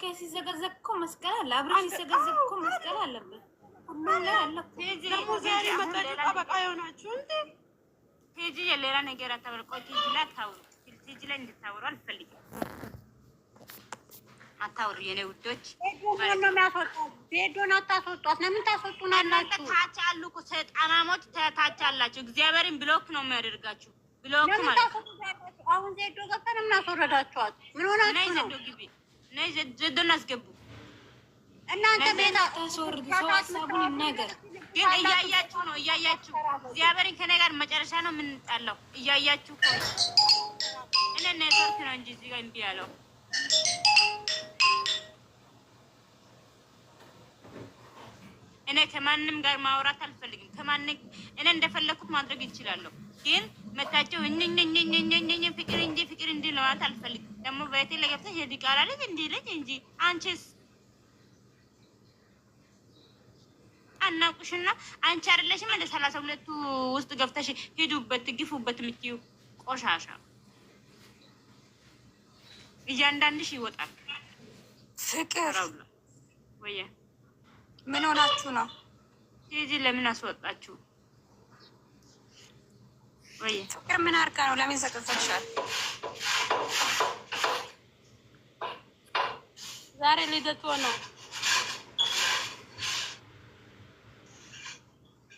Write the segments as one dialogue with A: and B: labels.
A: ብሩኬ ሲዘገዘግ እኮ መስቀል አለ። አብረሽ ሲዘገዘግ እኮ መስቀል አለበት።
B: የሌላ ነገር አታወርቆ ቴጂ ላይ እንድታወሩ አልፈልግም። አታውሩ የኔ ውዶች።
A: ቤዶን አታስወጧት። ለምን ታስወጡናላችሁ?
B: ታች አሉ እኮ ሰይጣናሞች፣ ታች አላችሁ። እግዚአብሔርን ብሎክ ነው የሚያደርጋችሁ። ብሎክ ማለት
A: አሁን ዜዶ ገብተን እናስወረዳችኋት። ምን ሆናችሁ
B: ነው? ዘዶን አስገቡ።
A: እናንተ ቤታ
B: ሀሳቡን ነገር ግን እያያችሁ ነው፣ እያያችሁ እግዚአብሔርን ከእኔ ጋር መጨረሻ ነው የምንጣለው። እያያችሁ እኔ ኔትወርክ ነው እንጂ እዚህ እምቢ ያለው እኔ ከማንም ጋር ማውራት አልፈልግም። ከማን እኔ እንደፈለኩት ማድረግ ይችላለሁ፣ ግን መታቸው እኝኝኝኝኝኝ ፍቅር እንጂ ፍቅር እንዲህ አልፈልግም። ደግሞ ቤቴ ለገብተሽ የዲቃላ ልጅ እንዴ ልጅ እንጂ አንቺስ አናቁሽና አንቺ አይደለሽም እንደ ሰላሳ ሁለቱ ውስጥ ገብተሽ ሂዱበት ግፉበት የምትይው ቆሻሻ እያንዳንድሽ ይወጣል። ፍቅር ወየ ምን ሆናችሁ ነው? ሂጂ ለምን አስወጣችሁ? ወየ ፍቅር ምን አድርጋ ነው? ለምን ዘቅዘቅሻል? તારે લીધે તો નો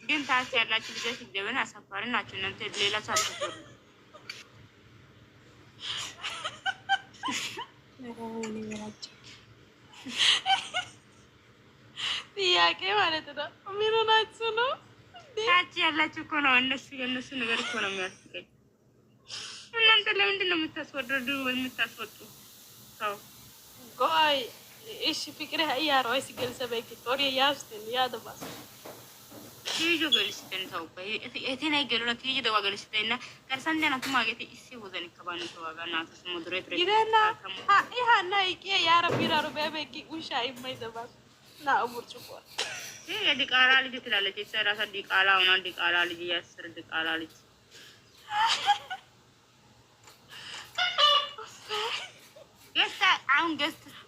B: ግን ታች ያላችሁ ልጆች እንደምን አሳፋሪ ናችሁ። እናንተ ሌላ ሳትፈሩ ጥያቄ ማለት ነው። ምን ሆናችሁ ነው? ታች ያላችሁ እኮ ነው። እነሱ የእነሱ ነገር እኮ ነው የሚያስገኝ። እናንተ ለምንድን ነው የምታስወርዱ የምታስወጡ ሰው ቆይ እሺ ፍቅሬ ያሮ አይስ ገልሰ በቂ ጦር ያስትን ያደባስ ኪዩ ገልስተን ታውቀ እቴና ገሉና ኪዩ ደዋ ገልስተና ከርሳንደ ናቱ ማገት እሲ ወዘን ከባን ተዋጋ ናቱ ሙድሬት ሬ ይደና አ ይሃና ይቄ ያ ረቢ ራሩ በበቂ ውሻ ይማይ ደባስ ና አቡር ጭቆር ይሄ ዲቃላ ልጅ ትላለች ሰራሳ ዲቃላ ሆና ዲቃላ ልጅ ያስር ዲቃላ ልጅ ገስታ አሁን ገስት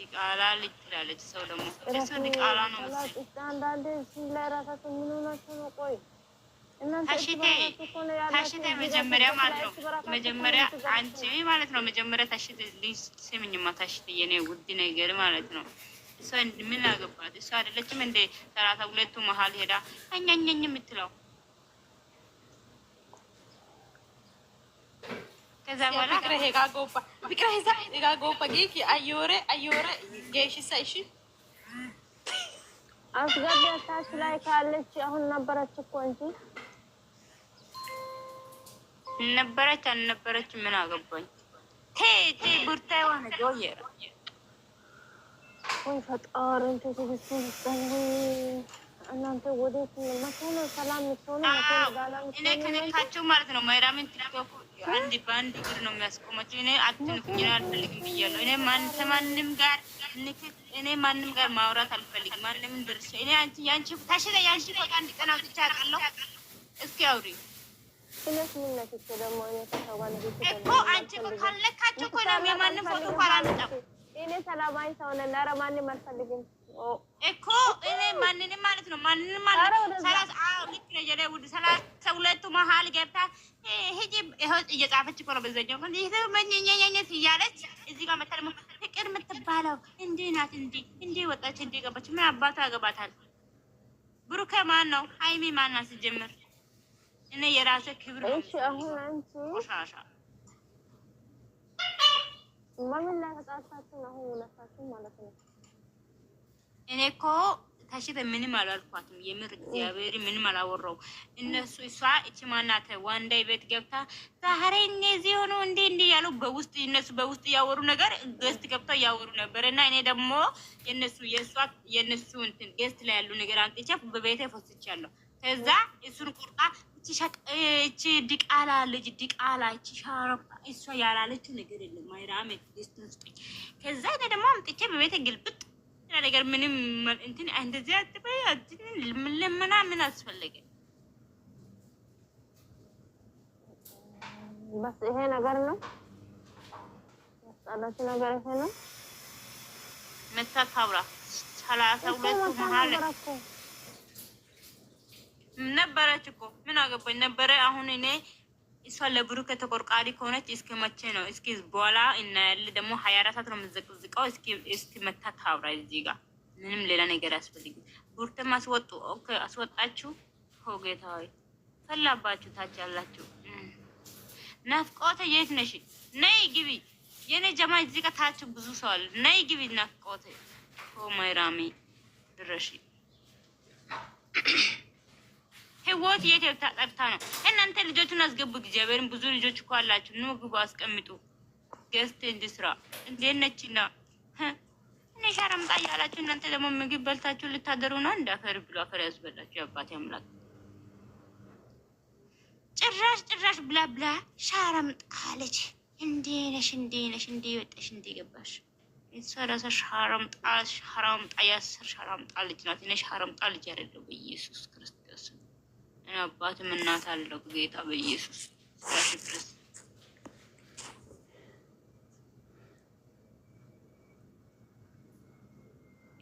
B: ዲቃላ ልጅ ትላለች። ሰው ደግሞ ዲቃላ ነው ታሽቴ መጀመሪያ ማለት ነው። መጀመሪያ አንቺ ማለት ነው። መጀመሪያ ታሽቴ ልጅ ስምኝማ፣ ታሽቴ የኔ ውድ ነገር ማለት ነው። እሷ ምን አገባት? እሷ አይደለችም እንደ ሰራታ ሁለቱ መሀል ሄዳ አኛኛኝ የምትለው አስገቢያታች ላይ ካለች አሁን ነበረች እኮ እንጂ ነበረች አልነበረች ምን አገባኝ። ቴ ቴ ቡርታ የሆነ ጆየር ወይ ፈጣሪ እንተ ትግስቱን ይስጠን። እናንተ ወዴት መቶ ነው ሰላም የምትሆኑ? እኔ ከነካቸው ማለት ነው ማይራምን ቲክቶክ አንድ በአንድ እግር ነው የሚያስቆማቸው። እኔ አትንኩኝ፣ እኔ አልፈልግም ብያለሁ። እኔ ማንም ጋር እኔ ማንም ጋር ማውራት አልፈልግም። ማንም ድርሻ እኔ አንቺ ያንቺ ታሽለ ያንቺ ፎቅ አንድ ቀን አውጥቼ አውቃለሁ። እስኪ አውሪ እኮ አንቺ ካለካቸው እኮ ነው የማንም ፎቶ እንኳን አልመጣም። እኔ ሰላማዊ ሰው ነኝ። ኧረ ማንም አልፈልግም እኮ እኔ ማንንም ማለት ነው ማንንም ማለት ሰላሳ ሁለቱ መሀል ገብታ እየጻፈች እኮ ነው። በዛኛው መኘኘኘኘት እያለች እዚህ ጋር መታ ደግሞ ፍቅር የምትባለው እንዲህ ናት። እንዲህ እንዲህ ወጣች፣ እንዲህ ገባች። ምን አባቱ ያገባታል? ብሩኬ ማን ነው? ሀይሚ ማን ናት? ስጀምር እኔ የራሴ ክብር ቆሻሻ በምን ላይ ተጣጣችሁ? አሁን ሁለታችሁ ማለት ነው እኔ እኮ ታሽተ ምንም አላልኳትም። የምር እግዚአብሔር ምንም አላወራው። እነሱ እሷ እቺ ማናተ ዋንዳይ ቤት ገብታ ዛሬ እነዚህ ሆኖ እንዴ እንዴ ያሉ በውስጥ እነሱ በውስጥ ያወሩ ነገር ገስት ገብታ ያወሩ ነበር። እና እኔ ደግሞ የነሱ የሷ የነሱ እንትን ገስት ላይ ያሉ ነገር አንጥቼ በቤቴ ፈስቻለሁ። ከዛ እሱን ቁርጣ እቺ ሸቅ እቺ ድቃላ ልጅ ዲቃላ እቺ ሻረፋ እሷ ያላለችው ነገር የለም። ማይራም እዚህ ውስጥ ከዛ እኔ ደግሞ አምጥቼ በቤቴ ግልብጥ ነገር ምንም እንትን እንደዚህ አትበይ። ልመና ምን አስፈለገ? በስ ይሄ ነገር ነው ያስጣላች ነገር ይሄ ነው። መታት አብራ ሰላሳ ሁለቱ መሀል ነበረች እኮ ምን አገባኝ ነበረ አሁን እኔ እሷ ለብሩክ ተቆርቋሪ ከሆነች እስኪ መቼ ነው? እስኪ በኋላ እናያለን። ደግሞ ሀያ አራት ሰዓት ነው የምዘቅዝቀው። እስኪ መታ ታብራ እዚህ ጋር ምንም ሌላ ነገር ያስፈልግ። ቡርተም አስወጡ አስወጣችሁ። ሆጌታ ሆይ ፈላባችሁ። ታች ያላችሁ ናፍቆተ የት ነሽ? ነይ ግቢ። የኔ ጀማ እዚህ ጋር ታችሁ ብዙ ሰው አለ። ነይ ግቢ ናፍቆተ ሆ ማይራሚ ድረሽ የገባሁት የት ተጠርታ ነው። እናንተ ልጆቹን አስገቡ። እግዚአብሔርን ብዙ ልጆች እኮ አላችሁ። ኑ ግቡ፣ አስቀምጡ። ገዝት እንድስራ እንዴት ነችና እኔ ሻረምጣ እያላችሁ እናንተ ደግሞ ምግብ በልታችሁ ልታደሩ ነው። እንደ አፈር ብሎ አፈር ያስበላችሁ የአባቴ አምላክ። ጭራሽ ጭራሽ ብላ ብላ ሻረምጣ አለች። እንዴ ነሽ እንዴ ነሽ እንዴ ወጣሽ እንዴ ገባሽ እሷ ራሷ ሻረምጣ ሻረምጣ ያሰር ሻረምጣ ልጅ ናት። እኔ ሻረምጣ ልጅ አይደለሁ በኢየሱስ ክርስቶስ አባትም እናት አለው ጌታ በኢየሱስ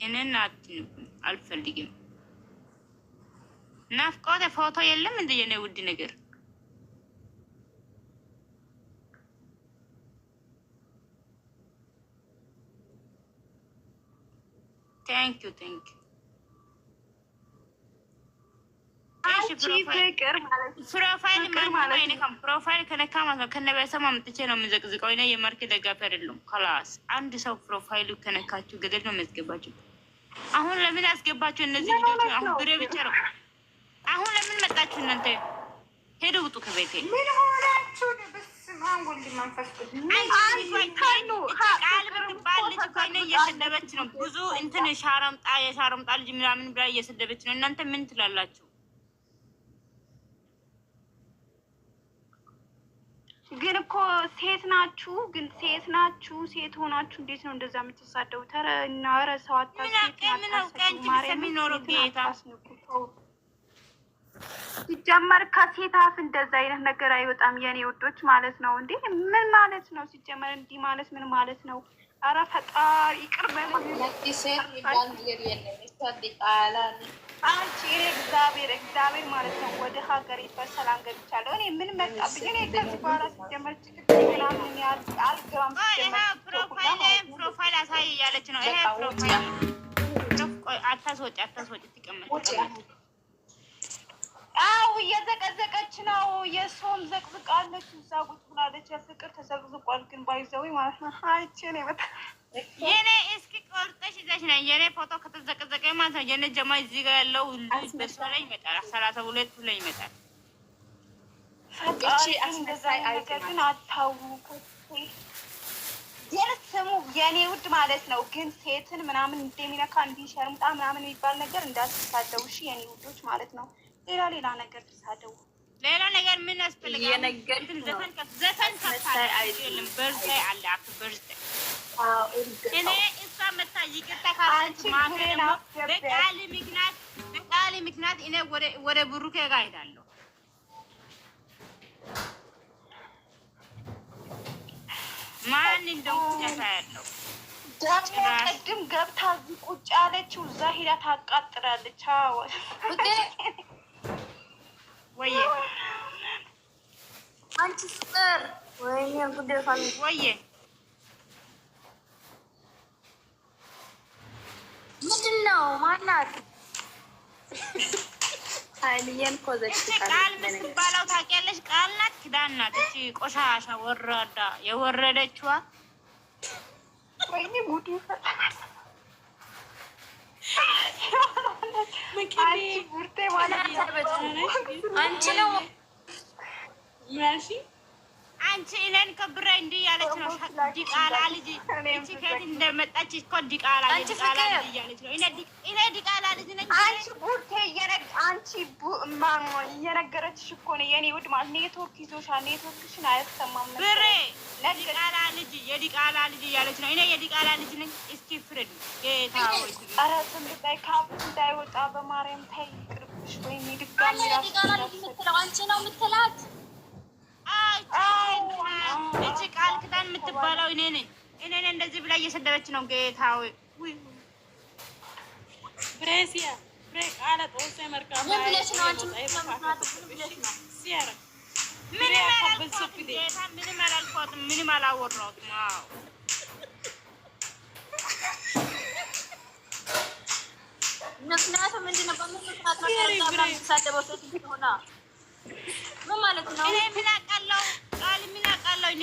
B: እኔን አትንኩም አልፈልግም። ናፍቆት ፎቶ የለም እንደ የኔ ውድ ነገር ፕሮፋይል ከነካ ማለት ነው። ከነበሰማ መጥቼ ነው የምዘቅዝቀው። ይነ የማርክ ደጋፊ አይደለም። ከላስ አንድ ሰው ፕሮፋይሉ ከነካችሁ ገደል ነው የሚያስገባችሁ። አሁን ለምን ያስገባችሁ እነዚህ ልጆች? አሁን ብሬ ብቻ ነው። አሁን ለምን መጣችሁ እናንተ? ሄደ ውጡ ከቤቴ። ምን ሆናችሁ? እየሰደበች ነው ብዙ እንትን የሻረምጣ የሻረምጣ ልጅ ምናምን ብላ እየሰደበች ነው። እናንተ ምን ትላላችሁ? ግን እኮ ሴት ናችሁ፣ ግን ሴት ናችሁ፣ ሴት ሆናችሁ እንዴት ነው እንደዛ የምትሳደቡ? ተረ እናረ ሰው ሲጀመር ከሴት አፍ እንደዛ አይነት ነገር አይወጣም። የኔ ውዶች ማለት ነው እንዴ! ምን ማለት ነው ሲጀመር? እንዲህ ማለት ምን ማለት ነው? ኧረ ፈጣሪ ይቅር በል። አንቺ እኔ እግዚአብሔር እግዚአብሔር ማለት ነው ወደ ሀገሬ በሰላም ገብቻለሁ። እኔ ምን መጣብኝ? እኔ ከዚህ በኋላ ሲጀመር ችግር ምናምን አልገባም። ፕሮፋይል አሳይ እያለች ነው። ይሄ ፕሮፋይል አታስወጪ፣ አታስወጪ ትቀመጥ። አዎ እየዘቀዘቀች ነው። የእሷም ዘቅዝቃለች። እዛ ቁጭ ብላለች። ፍቅር ተዘቅዝቋል። ግን ባይዘዊ ማለት ነው። አይቼ ነው በጣም የኔ እስኪ ቆርጠሽ ይዘሽ ነይ። የኔ ፎቶ ከተዘቀዘቀ ማለት ነው። የኔ ጀማ እዚህ ጋር ያለው ልጅ በሷ ላይ ይመጣል። ሰላሳ ሁለቱ ላይ ይመጣል። ግን ስሙ የኔ ውድ ማለት ነው። ግን ሴትን ምናምን እንደሚነካ እንዲህ ሸርምጣ ምናምን የሚባል ነገር እንዳትሳደቡ እሺ፣ የኔ ውዶች ማለት ነው። ሌላ ሌላ ነገር ትሳደቡ ሌላ ነገር ምን ያስፈልጋል? ዘፈን ዘፈን ከፍታ የለም በርዝዳይ አለ በርዝዳይ እኔ እሷ መታ ይቅርታ ካለች በቃል ምክንያት እኔ ወደ ብሩኬ ጋር እሄዳለሁ። ማን እንደው ያለው ደግሞ ቅድም ገብታ እዚህ ቁጭ ያለችው እዛ ሂዳ ታቃጥላለች። ወይ አንቺ ስጠር ወይ ጉዴ ወየ ምንድን ነው ማናት? ሀይልዬን ቃል ምትባለው ታውቂያለሽ? ቃል ናት፣ ኪዳን ናት። እቺ ቆሻሻ ወራዳ የወረደችዋ። ወይኔ ጉድ! አንቺ ነው አንቺ እኔን ከብራ እንዲህ ያለች ነው። ዲቃላ ልጅ እቺ ከት እንደመጣች እኮ ዲቃላ ልጅ እያለች ነው። እኔ ዲቃላ ልጅ ነኝ። አንቺ ቡርቴ እየረግ አንቺ ማን እየነገረችሽ እኮ ነው የኔ ውድ ማለት ኔትወርክ ይዞሻል። ኔትወርክሽን አያሰማም ብሬ ለዲቃላ ልጅ የዲቃላ ልጅ እያለች ነው። እኔ የዲቃላ ልጅ ነኝ። እስኪ ፍረዱ ጌታ ሆይ። ኧረ ስም ላይ ካብ እንዳይወጣ በማርያም ታይ ቅርብሽ ወይ ድጋሚ ራሱ ስትለው አንቺ ነው የምትላት የምትባለው እኔ ነኝ። እኔ ነኝ እንደዚህ ብላ እየሰደበች ነው። ጌታ ወይ ፕሬሲያ ፕሬ መርካ ነው አንቺ? ብሬሲያ ምንም አላልኳትም፣ ምንም አላወራሁትም። ምክንያቱም ምንድን ነው የምትሳደበው? ሴት ሆና ምን ማለት ነው? እኔ ምን አውቃለሁ? ቃል ምን አውቃለሁ እኔ